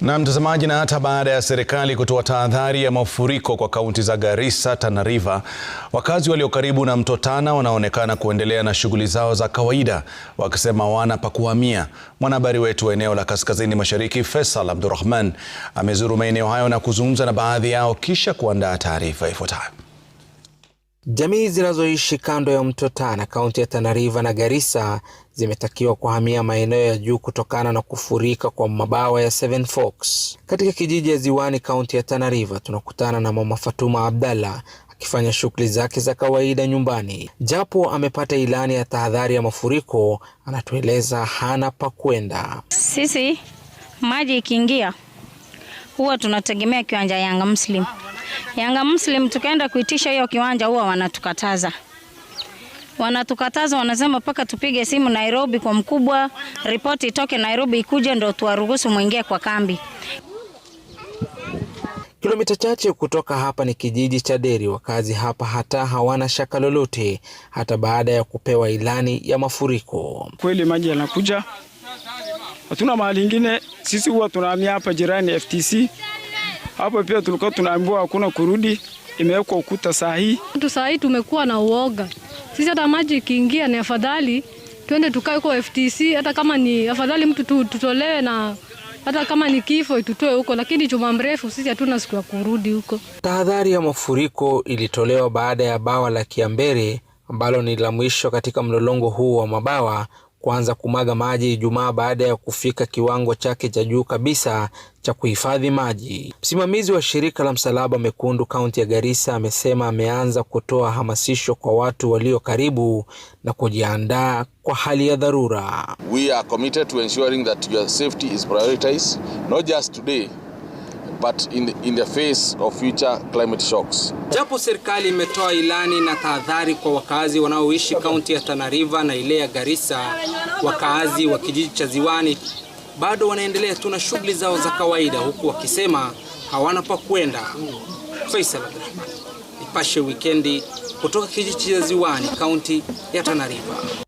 Na mtazamaji, na hata baada ya serikali kutoa tahadhari ya mafuriko kwa kaunti za Garissa, Tana River, wakazi walio karibu na mto Tana wanaonekana kuendelea na shughuli zao za kawaida wakisema wana pa kuhamia. Mwanahabari wetu wa eneo la kaskazini mashariki Faisal Abdurrahman amezuru maeneo hayo na kuzungumza na baadhi yao kisha kuandaa taarifa ifuatayo. Jamii zinazoishi kando ya mto Tana kaunti ya Tana River na Garissa zimetakiwa kuhamia maeneo ya juu kutokana na kufurika kwa mabawa ya Seven Forks. Katika kijiji ya Ziwani kaunti ya Tana River tunakutana na Mama Fatuma Abdallah akifanya shughuli zake za kawaida nyumbani. Japo amepata ilani ya tahadhari ya mafuriko, anatueleza hana pa kwenda. Sisi maji ikiingia huwa tunategemea kiwanja Yanga Muslim Yanga Muslim tukaenda kuitisha hiyo kiwanja, huwa wanatukataza wanatukataza wanasema, mpaka tupige simu Nairobi kwa mkubwa, ripoti itoke Nairobi ikuje ndo tuwaruhusu mwingie kwa kambi. Kilomita chache kutoka hapa ni kijiji cha Deri. Wakazi hapa hata hawana shaka lolote, hata baada ya kupewa ilani ya mafuriko. Kweli maji yanakuja, hatuna mahali ingine. Sisi huwa tunahamia hapa jirani FTC hapo pia tulikuwa tunaambiwa hakuna kurudi, imewekwa ukuta saa hii. Watu saa hii tumekuwa na uoga sisi, hata maji ikiingia ni afadhali twende tukae huko FTC, hata kama ni afadhali mtu tu, tutolewe na hata kama ni kifo itutoe huko, lakini chuma mrefu sisi hatuna siku ya kurudi huko. Tahadhari ya mafuriko ilitolewa baada ya bawa la Kiambere ambalo ni la mwisho katika mlolongo huu wa mabawa kuanza kumwaga maji Ijumaa baada ya kufika kiwango chake cha juu kabisa cha kuhifadhi maji. Msimamizi wa shirika la Msalaba mekundu kaunti ya Garissa amesema ameanza kutoa hamasisho kwa watu walio karibu na kujiandaa kwa hali ya dharura. We are committed to ensuring that your safety is prioritized, not just today but in the, in the face of future climate shocks. Japo serikali imetoa ilani na tahadhari kwa wakazi wanaoishi kaunti ya Tana River na ile ya Garissa, wakazi wa kijiji cha Ziwani bado wanaendelea tu na shughuli zao za kawaida, huku wakisema hawana pa kwenda. Faisal Abdurahman, Nipashe Wikendi, kutoka kijiji cha Ziwani, kaunti ya Tana River.